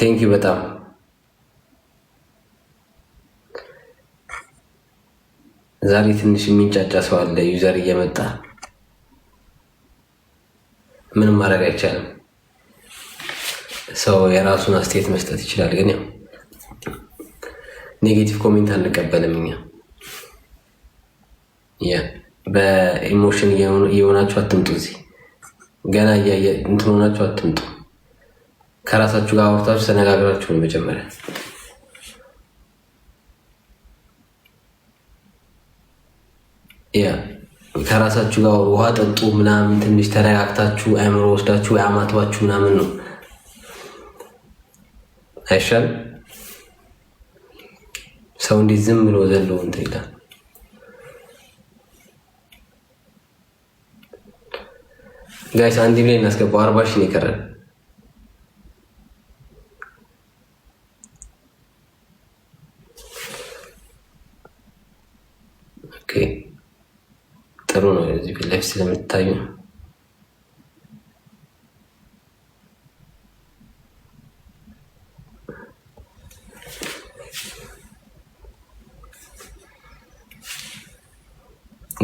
ቴንክ ዩ በጣም ዛሬ ትንሽ የሚንጫጫ ሰው አለ፣ ዩዘር እየመጣ ምንም ማድረግ አይቻልም። ሰው የራሱን አስተያየት መስጠት ይችላል፣ ግን ያው ኔጌቲቭ ኮሜንት አንቀበልም እኛ። በኢሞሽን እየሆናችሁ አትምጡ። እዚህ ገና እንትን ሆናችሁ አትምጡ። ከራሳችሁ ጋር አውርታችሁ ተነጋግራችሁ ነው መጀመሪያ ያ ከራሳችሁ ጋር ውሃ ጠጡ ምናምን ትንሽ ተረጋግታችሁ አእምሮ ወስዳችሁ አማትባችሁ ምናምን ነው አይሻል ሰው እንዴት ዝም ብሎ ዘሎ እንትን ይላል። ጋይስ አንድ ብላይ እናስገባው። አርባ ሺህ ነው የቀረን። ጥሩ ነው። እዚህ ፊት ለፊት ስለምታዩ ነው።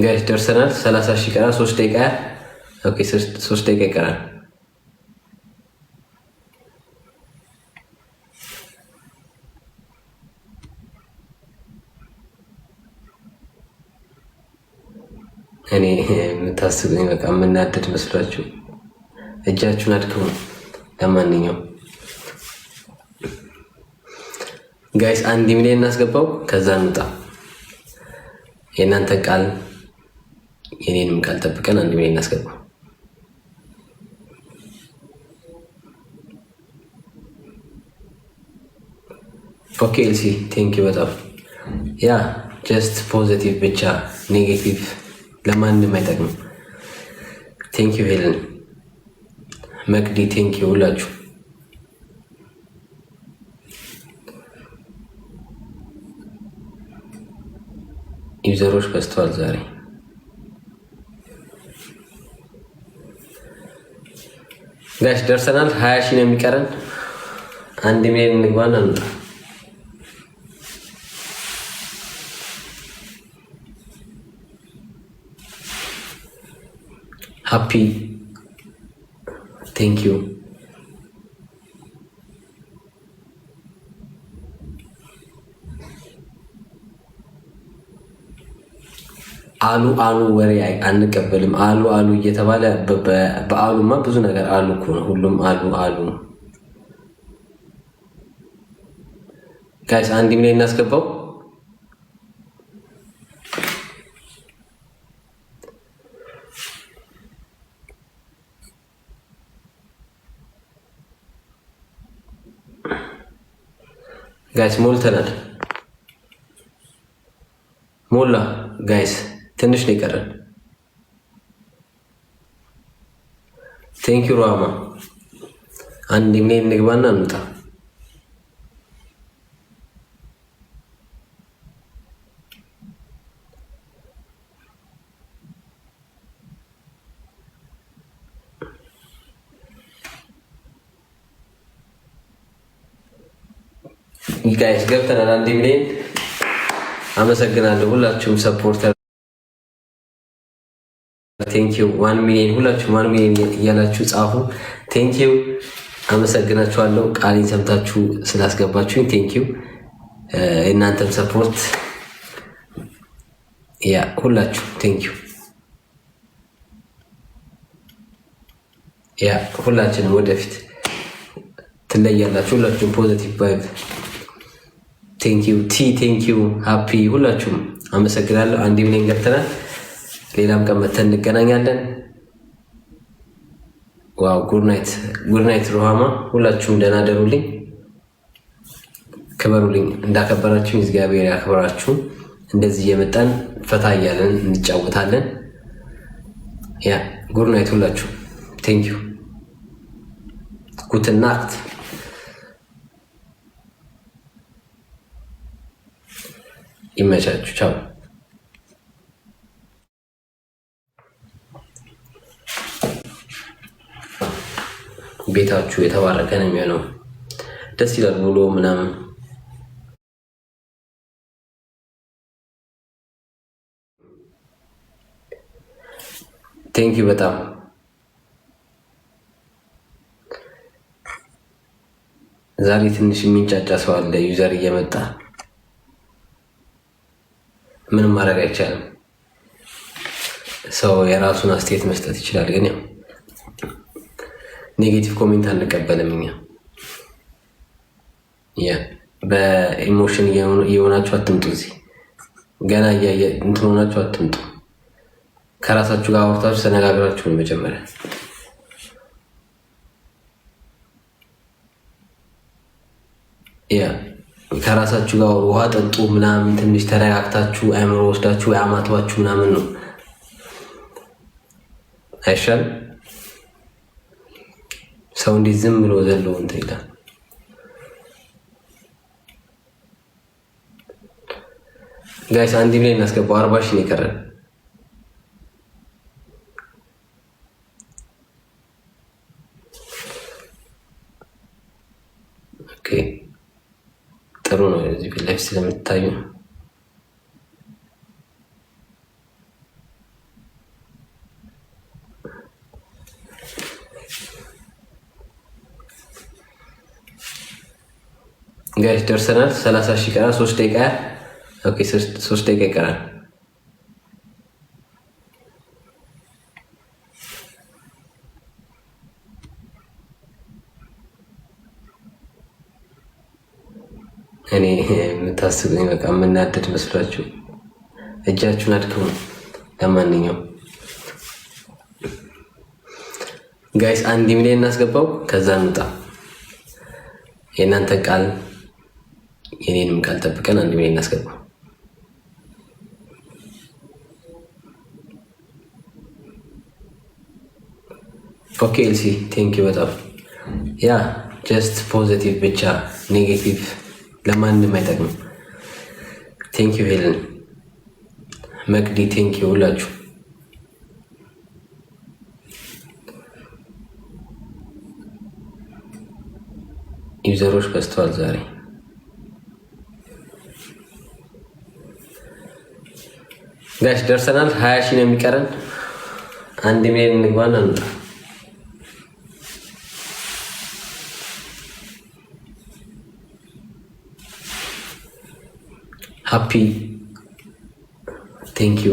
ጋይስ ደርሰናል። ሰላሳ ሺህ ቀራ ሶስት ደቂቃ ሶስት ደቂቃ ይቀራል። አታስቡኝ። በቃ የምናደድ መስሏችሁ እጃችሁን አድክሙ። ለማንኛውም ጋይስ አንድ ሚሊዮን እናስገባው፣ ከዛ እንውጣ። የእናንተ ቃል የኔንም ቃል ጠብቀን አንድ ሚሊዮን እናስገባው። ኦኬ ኤልሲ ቴንክ ዩ በጣም ያ ጀስት ፖዘቲቭ ብቻ ኔጌቲቭ ለማንም አይጠቅምም። ቴንኪ ሄለን መቅዲ ቴንኪዩ ሁላችሁ። ዩዘሮች በዝተዋል ዛሬ። ጋሽ ደርሰናል። ሀያ ሺህ ነው የሚቀረን። አንድ ሚሊዮን እንግባና ሀፒ ቴንክ ዩ አሉ አሉ ወሬ አንቀበልም። አሉ አሉ እየተባለ በአሉማ ብዙ ነገር አሉ እኮ ነው። ሁሉም አሉ አሉ። ጋይስ አንድ ሚሊዮን እናስገባው። ጋይስ ሞልተናል። ሞላ ጋይስ ትንሽ ነው ይቀረን። ቴንኪዩ ሮሃማ አንድ ሜል ንግባና እንውጣ። ጋይስ ገብተናል። አንድ ሚሊዮን አመሰግናለሁ። ሁላችሁም ሰፖርተር ቴንኪው። ዋን ሚሊዮን ሁላችሁም ዋን ሚሊዮን እያላችሁ ጻፉ። ቴንኪው አመሰግናችኋለሁ። ቃሌን ሰምታችሁ ስላስገባችሁኝ ቴንኪው። የእናንተም ሰፖርት ያ ሁላችሁ ቴንኪው። ያ ሁላችንም ወደፊት ትለያላችሁ። ሁላችሁም ፖዘቲቭ ቫይብ ቴንኪዩ ቲ ቴንኪዩ ሃፒ ሁላችሁም አመሰግናለሁ። አንድ ብሌን ገብተናል። ሌላም ቀን መተን እንገናኛለን። ዋው ጉድናይት ጉድናይት ሩሃማ ሁላችሁም ደህና ደሩልኝ፣ ክበሩልኝ። እንዳከበራችሁ እግዚአብሔር ያክበራችሁ። እንደዚህ እየመጣን ፈታ እያለን እንጫወታለን። ያ ጉድናይት ሁላችሁ ቴንኪዩ ጉትናክት ይመቻችሁ። ቻው። ቤታችሁ የተባረከ ነው የሚሆነው። ደስ ይላል ውሎ ምናምን ቴንኪ በጣም ዛሬ ትንሽ የሚንጫጫ ሰው አለ ዩዘር እየመጣ ምንም ማድረግ አይቻልም። ሰው የራሱን አስተያየት መስጠት ይችላል፣ ግን ያው ኔጌቲቭ ኮሜንት አንቀበልም እኛ። በኢሞሽን እየሆናችሁ አትምጡ። እዚህ ገና እንትን ሆናችሁ አትምጡ። ከራሳችሁ ጋር አውርታችሁ ተነጋግራችሁ ነው መጀመሪያ ያ ከራሳችሁ ጋር ውሃ ጠጡ ምናምን ትንሽ ተረጋግታችሁ አይምሮ ወስዳችሁ አማቷችሁ ምናምን ነው አይሻል። ሰው እንዴት ዝም ብሎ ዘሎ እንትን ይላል። ጋይስ አንድ ብላይ እናስገባው። አርባ ሺህ ነው የቀረን። ኦኬ እዚህ ፊት ለፊት ስለምታዩ ነው። ጋይስ ደርሰናል። ሰላሳ ሺህ ቀራ ሶስት ደቂቃ ሶስት ደቂቃ ይቀራል። አታስቡኝ። በቃ የምናደድ መስላችሁ እጃችሁን አድክሙ። ለማንኛውም ጋይስ አንድ ሚሊዮን እናስገባው፣ ከዛ እንውጣ። የእናንተ ቃል የኔንም ቃል ጠብቀን አንድ ሚሊዮን እናስገባው። ኦኬ ኤልሲ ቴንክ ዩ በጣም ያ ጀስት ፖዘቲቭ ብቻ ኔጌቲቭ ለማንም አይጠቅምም። ቴንኪዩ ሄልን መቅዲ ቴንኪ ሁላችሁ። ዩዘሮች በዝተዋል ዛሬ። ጋሽ ደርሰናል። ሀያ ሺህ ነው የሚቀረን። አንድ ሚሊዮን እንግባና ሀፒ ቴንክ ዩ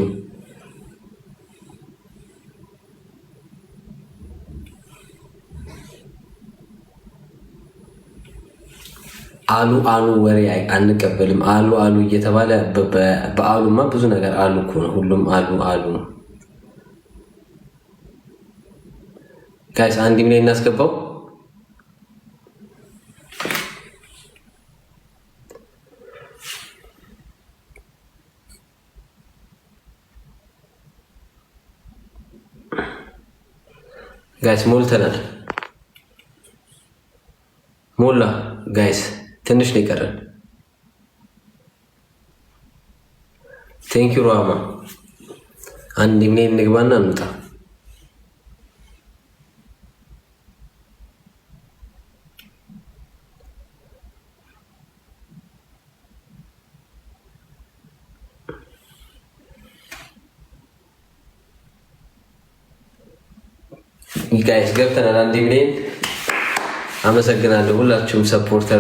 አሉ አሉ ወሬ አንቀበልም። አሉ አሉ እየተባለ በአሉማ ብዙ ነገር አሉ እኮ ነው። ሁሉም አሉ አሉ። ጋይስ አንድ ሚሊዮን እናስገባው። ጋይስ ሞልተናል። ሞላ ጋይስ ትንሽ ነው ይቀረን። ቴንኪዩ ሮሃማ አንድ ሚሊዮን ንግባና እንውጣ። ጋይስ ገብተናል። አንድ ሚሊዮን አመሰግናለሁ። ሁላችሁም ሰፖርተር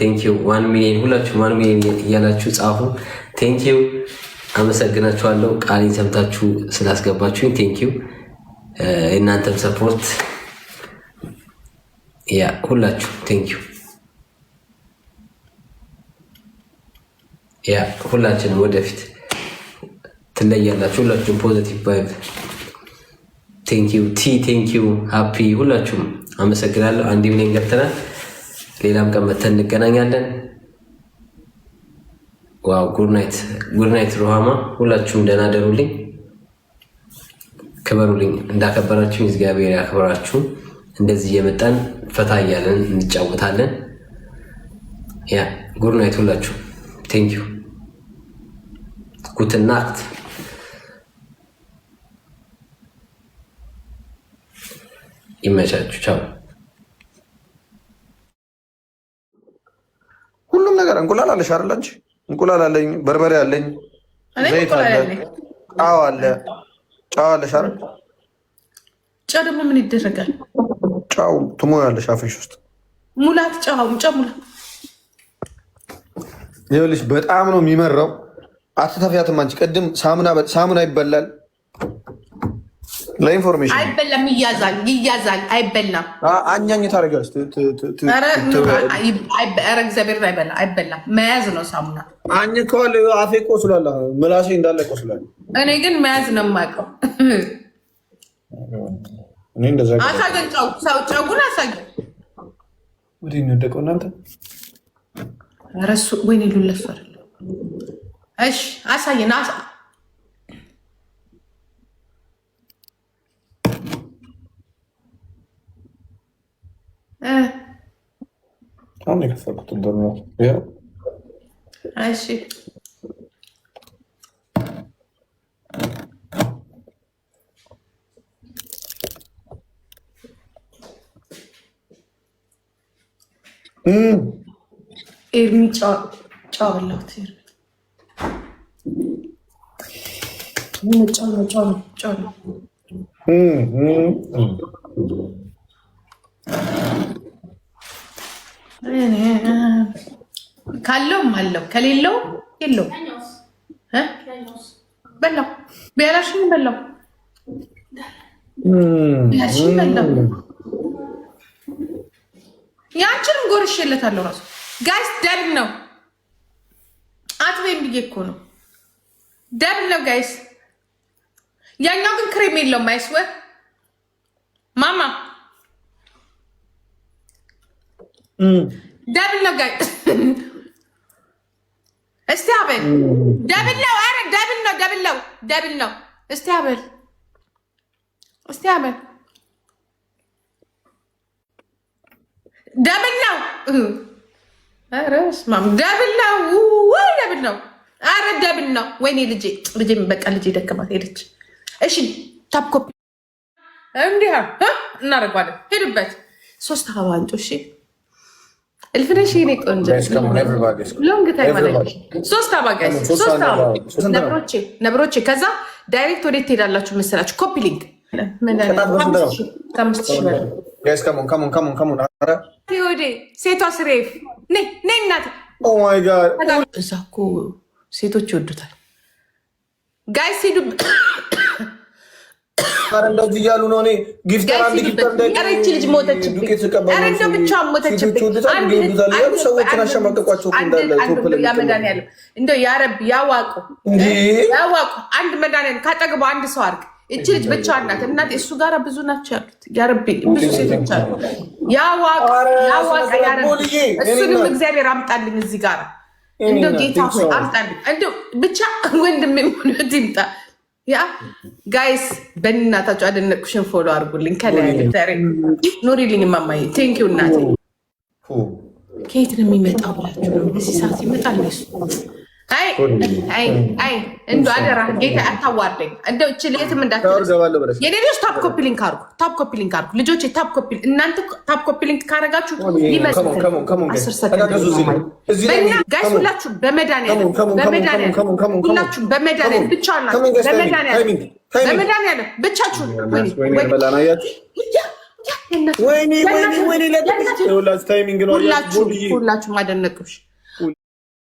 ቴንኪዩ። ዋን ሚሊዮን ሁላችሁም ዋን ሚሊዮን እያላችሁ ጻፉ። ቴንኪዩ አመሰግናችኋለሁ። ቃሌን ሰምታችሁ ስላስገባችሁኝ ቴንኪዩ። የእናንተም ሰፖርት ያ ሁላችሁ ቴንኪዩ ያ ሁላችንም ወደፊት ትለያላችሁ። ሁላችሁም ፖዘቲቭ ቫይብ ቴንኪዩ ቲ ቴንኪዩ ሃፒ ሁላችሁም አመሰግናለሁ። አንድ ኢቭኒንግ ገብተናል። ሌላም ቀን መተን እንገናኛለን። ዋው ጉድናይት ጉድናይት ሩሃማ ሁላችሁም ደህና ደሩልኝ፣ ክበሩልኝ። እንዳከበራችሁ እግዚአብሔር ያክበራችሁ። እንደዚህ እየመጣን ፈታ እያለን እንጫወታለን። ያ ጉድናይት ሁላችሁ ቴንኪዩ ጉትናክት ይመቻችሁ። ቻው። ሁሉም ነገር እንቁላል አለሽ አይደል? አንቺ እንቁላል አለኝ፣ በርበሬ አለኝ፣ ዘይት አለ፣ ጫው አለ። ጫው አለሽ አይደል? ጫው ደግሞ ምን ይደረጋል? ጫው ትሞያለሽ አፍሽ ውስጥ ሙላት፣ ጫው ጫው ሙላት። ይኸውልሽ በጣም ነው የሚመራው። አትተፊያትም አንቺ። ቅድም ሳሙና ይበላል ለኢንፎርሜሽን አይበላም፣ ይያዛል፣ ይያዛል፣ አይበላም። አኛኝ ታደርጊያለሽ። ኧረ እግዚአብሔር አይበላ አይበላም፣ መያዝ ነው ሳሙና። አኝ ከዋል አፌ ቆስሏል፣ ምላሴ እንዳለ ቆስሏል። እኔ ግን መያዝ ነው የማውቀው። አሳየን፣ ጨጉን አሳየን። ወዲህ ነው የወደቀው። እናንተ ረሱ ወይኔ ሉለሱ አይደለም። እሺ አሳየን አሁን የከፈትኩት ዶር ነው። እሺ ኤርሚ ጫዋላት ጫ ካለውም አለው ከሌለው የለው በላው ቢያላሽኝ በላው ያልሽኝ ጎርሽ ያንችንም ጎርሼለታለሁ። ራሱ ጋይስ ደብ ነው አትበይም ብዬ እኮ ነው። ደብ ነው ጋይስ። ያኛው ግን ክሬም የለውም አይስወ ማማ ደብል ነው ጋይ እስቲ አበል ደብል ነው። አረ ደብል ነው፣ ደብል ነው፣ ደብል ነው። እስቲ አበል እስቲ አበል ደብል ነው። አረ ስማም ደብል ነው፣ ወይ ደብል ነው። አረ ደብል ነው። ወይኔ ልጄ ልጄ በቃ ልጄ ደከማት ሄደች። እሺ ታፕ ኮፒ እንዲህ እናደርገዋለን። ሄድበት ሶስት አበባ አንጮ እሺ እልፍነሽ የእኔ ነብሮቼ ከዛ ዳይሬክት ወዴት ትሄዳላችሁ መሰላችሁ? ኮፒ ሊንክ ሴቷ ስሬፍ oh ሴቶች ይወዱታል ጋይስ ኧረ እንደዚህ እያሉ ነው። እኔ ጊፍተር አንድ ያዋቁ ያዋቁ። አንድ መድኃኒዓለም ካጠገቡ አንድ ሰው አድርግ። እቺ ልጅ ብቻዋን ናት። እናቴ እሱ ጋር ብዙ ናቸው ያሉት። ያ ብዙ ሴቶች አሉ። ያዋቁ ያዋቁ። ያ እሱንም እግዚአብሔር አምጣልኝ እዚህ ጋር እንደው ጌታ አምጣልኝ። እንደው ብቻ ወንድሜ ሆነት ይምጣ ያ ጋይስ በእናታችሁ አደነቅኩሽን። ፎሎ አድርጉልኝ፣ ከላይ ኑሪልኝ። ማማዬ ቴንኪው እናቴ። ከየት ነው የሚመጣው ብላችሁ ነው? እዚህ ሰዓት ይመጣል እሱ አይ አይ እንደው አደራ ጌታ አታዋርደኝ። እንደው እቺ ለየትም ታፕ ኮፒ ሊንክ ታፕ ኮፒ ሊንክ ልጆች። ታፕ ኮፒ እናንተ ታፕ ኮፒ ሊንክ ካረጋችሁ ሁላችሁ በመድኃኒዓለም ሁላችሁ በመድኃኒዓለም ብቻ በመድኃኒዓለም በመድኃኒዓለም ብቻችሁ ወይኔ ወይኔ ወይኔ ሁላችሁ ሁላችሁ